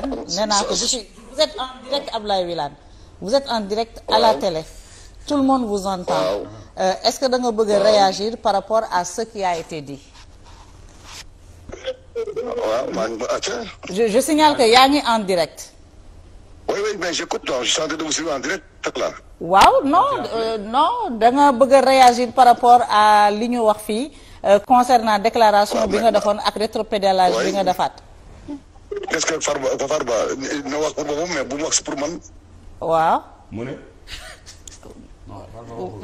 nee naa ko je suis vous à la télé tout le euh, ce que da bëgg réagir par rapport à ce qui a signale que yaa ngi en direct oui oui waaw non euh, non da nga bëgg réagir par rapport à li ñu wax fii euh, concernant déclaration bi nga defoon ak rétropédalage bi nga defaat qu'est-ce que Farba Farba na wax pour boppam mais bu wax pour man. waaw. mu ne.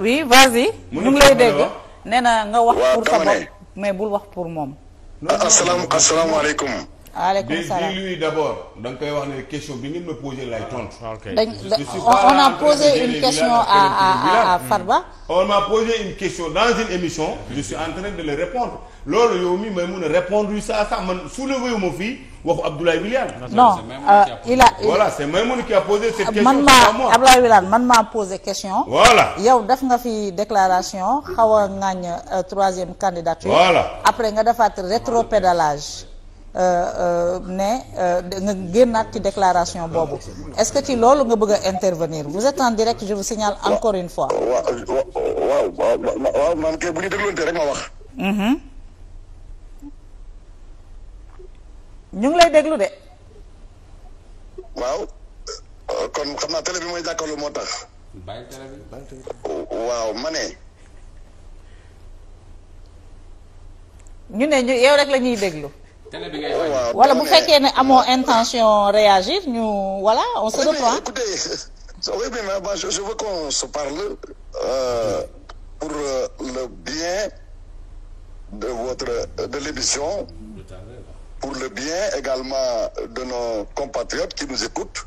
oui vas-y. ñu ngi lay dégg na nga wax. pour sa bopp mais bul wax pour moom. asalaam asalaamaaleykum. waaleykum salaam di d' abord da nga koy wax ne question bi ngeen ma posé lay tontu. Ah, on a posé une question à à à Farba. Mm. on m'a posé une question dans une émission. je suis en train de le répondre loolu yow mi may mun a répondre ça ça man soulevé wu ma fii waxu Abdoulaye Wilane. non euh, il a voilà c' est Maïmouna qui a posé cette euh, question. man maa Abdoulaye Wilane man maa posé question. voilà yow def nga fi déclaration xaw a ŋàññ euh, troisième candidature. voilà après nga defaat rétropédalage. Euh, euh, ne euh, nga génnaat ci déclaration boobu est-ce que ci loolu nga bëgg a intervenir vous êtes en direct je vous signale encore une fois. waaw waaw waaw man kay bu ñu dégloonte rek ma wax. Mhm. ñu ngi lay déglu de. waaw kon xam naa télé mooy jàkkaarloo moo tax. waaw ma ñu ne ñu yow rek la ñuy déglu. télé bi ngay wax oh, wala bu fekkee ne amoo intention réagir ñu voilà on se reprend. écoutez je veux qu'on euh, pour euh, le bien de votre de pour le bien également de nos compatriotes qui nous écoutent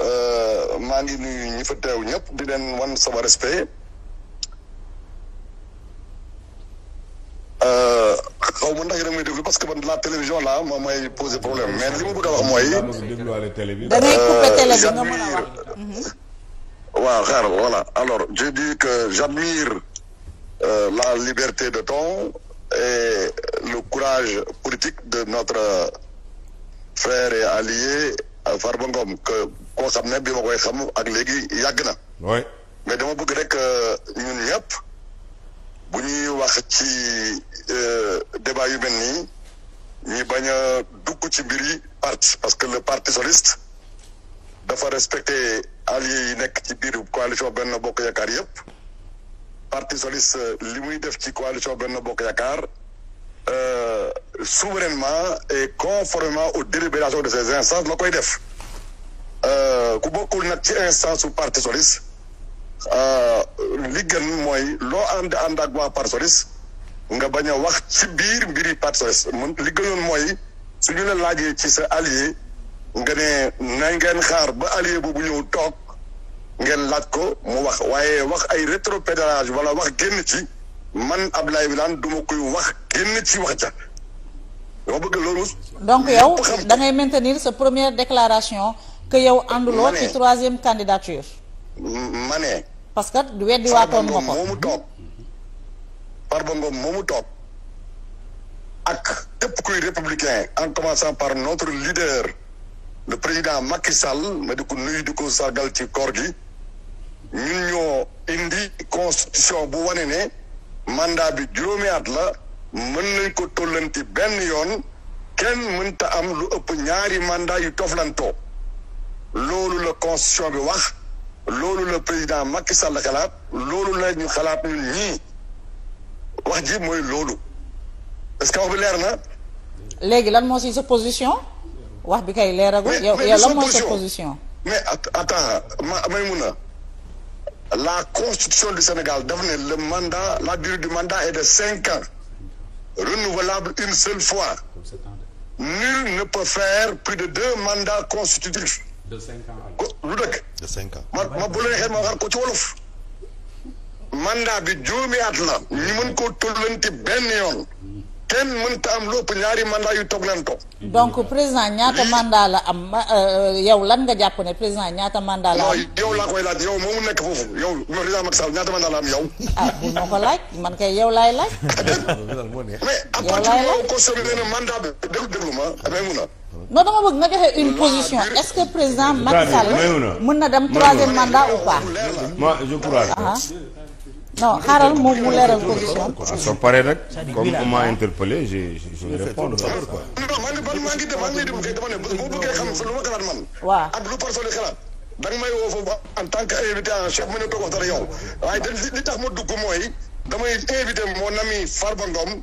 euh, maa ngi nuyu ñi fa teew ñëpp di leen wan sama parce que man la télévision là moom mooy poser problème mais li ma bëgg a wax mooy. da ngay couper télé bi nga mën a wax. waaw euh, xaar voilà alors je dis que j'admire euh, la liberté de ton et le courage politique de notre frère et allié euh, Farba Ngom que koo xam ne bi ma koy xam ak léegi yàgg na. oui mais dama bëgg rek euh, ñun ñëpp bu ñuy wax ci débat yu mel nii. ñi bañ a dugg ci mbir yi parti parce que le parti socialiste dafa respecté alliés yi nekk ci biir coalition benn Bokk Yaakaar yépp parti socialiste li muy def ci coalition benn Bokk Yaakaar euh, souverainement et conformément aux délibérations de ces instances la koy def euh, ku bokkul nag ci instance su parti socialiste euh, li gën mooy loo ànd ànd ak waa parti socialiste nga bañ a wax ci biir mbiri Pastef man li gënoon mooy su ñu la laajee ci sa allié nga ne na ngeen xaar ba allié boobu ñëw toog ngeen laaj ko mu wax waaye wax ay rétropédalage wala wax génn ci man ab laay bi du ma koy wax génn ci wax ja dama bëgg loolu. donc yow da ngay maintenir sa première déclaration que yow ànduloo ci troisième candidature. ma ne. parce que weddi waatoon nga ko moomu toog. Farba Ngom moomu toog ak képp kuy républicain en commençant par notre leader le président Macky Sall ma di ko nuyu di ko sargal ci koor gi ñun ñoo indi constitution bu wane ne mandat bi juróomi at la mën nañ ko tollanti benn yoon kenn mënta am lu ëpp ñaari mandat yu toflantoo loolu la constitution bi wax loolu la président Macky Sall xalaat loolu la ñu xalaat ñun ñii wax ji mooy loolu est-ce que wax bi leer na. léegi lan moo si sa position. wax bi kay leeragul. yow yow lan moo sa position. mais attends ma Maïmouna la constitution du Sénégal daf ne le mandat la durée du mandat est de cinq ans renouvelable une seule fois nul ne peut faire plus de deux mandats constitutifs. de cinq ans lu dëkk. ma ma bu leen xel ma ko ci wolof. mandat bi juróomi at la ñu mën koo tollanti benn yoon kenn mënta am lu ëpp ñaari mandat yu toglantoo donc président ñaata mandat la am euh, euh, yow lan nga jàpp ne président ñaata mandat la am yow laa la ah, ma ko laaj man kay yow laay laaj mais à partir ko sobi nee na mandat bi déglu ma amee mun a non dama bëgg nga joxe une position est-ce que président Macky Sall mën na dem troisième mandat ou pas non a moom mu leeral position. soo paree nag comme on m'a interpellé je je a répondre. quoi. maa ngi maa ngi maa ngi lay déglu kay man. waaw ak lu personne xalaat. da nga may woo foofu en tant que invité en chef ma ne toog wax dara yow waaye li tax ma dugg mooy damay invité mon ami Farba Ngom.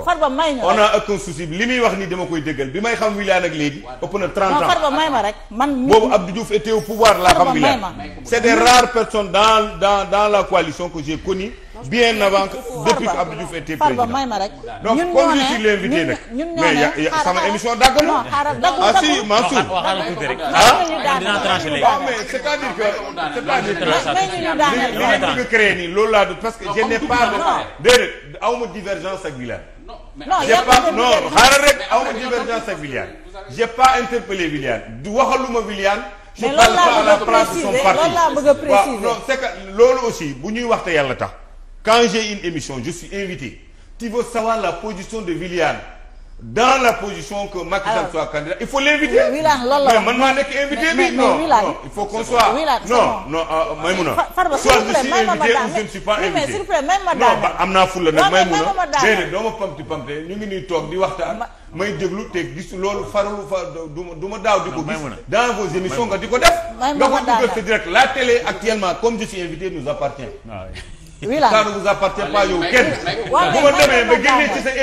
ko farba may ñu on a aucun souci li muy wax ni dama koy dëggal bi may xam Wilane ak léegi ëpp na 30 ans farba may ma rek man boobu Abdou Diouf était pouvoir laa xam Wilane c'est des rares personnes dans la coalition que j'ai connu bien avant que depuis ko Abdou Diouf était président farba may rek donc comme je l'invité nag mais sama émission dàgg ah si Mansour c'est-à-dire c'est-à-dire a créer nii loolu laa du parce que je n'ai pas déedéet aw ma divergence ak Wilane. non mais pas non xaaral rek aw ma divergence ak Wilane. j'ai pas interpellé Wilane du waxaluma Wilane. mais loolu aussi bu ñuy waxte yàlla tax. quand j'ai une émission je suis invité tu veux savoir la position de Wilane. dans la position que Macky Sall soit candidat il faut l'inviter Wilane loolu la mais man maa nekk invité bi non il faut qu'on soit non non ah, ah, Maïmouna soit je suis ou je ne suis pas invité non ba am naa fulla nag Maïmouna déedéet doo ma pamti pamte ñu ngi nii toog di waxtaan may déglu te gis loolu faralu fa du ma daaw di ko gis dans vos émissions nga di ko def nga ko dugal ci direct la télé actuellement comme je suis invité nous appartient ah ça sa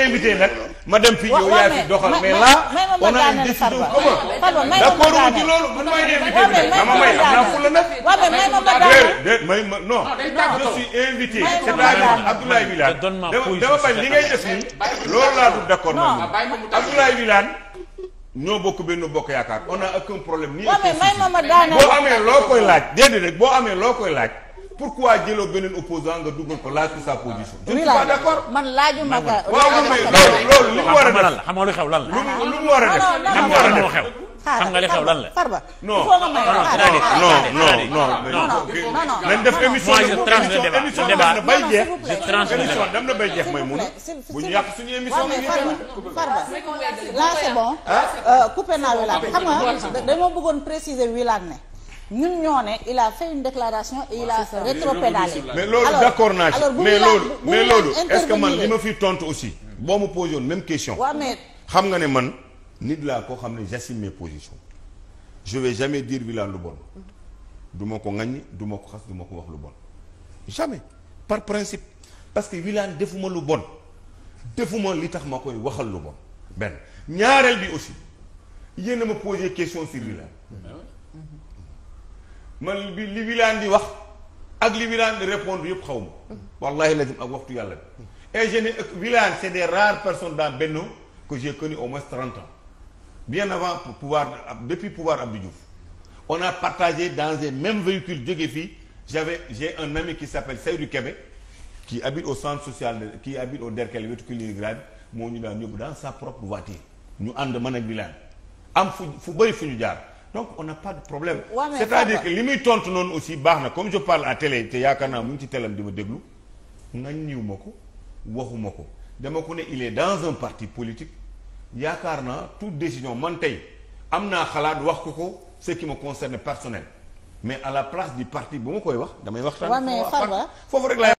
invité nag ma dem fii yow yaa fi doxal mais là on a une décision commune d'accord may dem invité dama may am may ma non ah, je suis invité c'est-à-dire Abdoulaye dama bañ li ngay def nii loolu laa dul d'accord man Abdoulaye Wilane ñoo bokk benn bokk yaakaar on a aucun problème nii boo amee loo koy laaj déedéet rek boo amee loo koy laaj pourquoi jëloo beneen opposant nga dugal ko laaj ko sa position. je ne suis pas d'accord man laajuma ko. waaw loolu li mu war a def xam nga lu xew lan la. lu mu war a def lu mu war a def. xam nga li xew lan la. farba non non non non non nañ def émission émission débat bay jeex émission dem na bay jeex may mun bu ñu yàq suñu émission bi farba là c'est bon ah? euh, coupé naa wilaat ah, xam nga dañoo bëggoon préciser wilaat ne ñun ñoo ne il a fait une déclaration et il a rétropédalé mais loolu d'accord naa ci mais loolu mais loolu est-ce que man li ma fi tontu aussi boo ma posé woon même question waaw xam nga ne man nit laa koo xam ne j'assume mes positions je vais jamais dire Wilane lu bon duma ko ŋaññi duma ko xas du ko wax lu bon jamais par principe parce que Wilane defuma lu bon defuma li tax ma koy waxal lu bon benn ñaareel bi aussi yéen a ma posé question sur Wilane man bi li Wilane di wax ak li Wilane di répondre yëpp xaw ma wallahi lazim ak waxtu yàlla bi et je ne Wilane c' est des rares personnes dans Benno que j'ai connu au moins trente ans bien avant pouvoir depuis pouvoir Abdou Diouf on a partage dans un même véhicule jóge fii j'avais j'ai un ami qui s'appelle Seydou Kébé qui habite au centre social de qui habite au Derkel wetu clinique grade moo ñu daan yóbbu dans sa propre voiture ñu ànd mën ak Wilane am fu fu bëri fu ñu jaar donc on n'a pas de problème ouais, c'est-à-dire que li muy tontu noonu aussi baax na comme je parle à télé te yaakaar naa mu ngi ci telam di ma déglu ŋaññiw ma ko waxuma ko dama ko ne il est dans un parti politique yaakaar naa toute décision man tey am naa xalaat wax ko ko ce qui me concerne personnel mais à la place du parti bu ma koy wax damay waxtaan foofu rek laay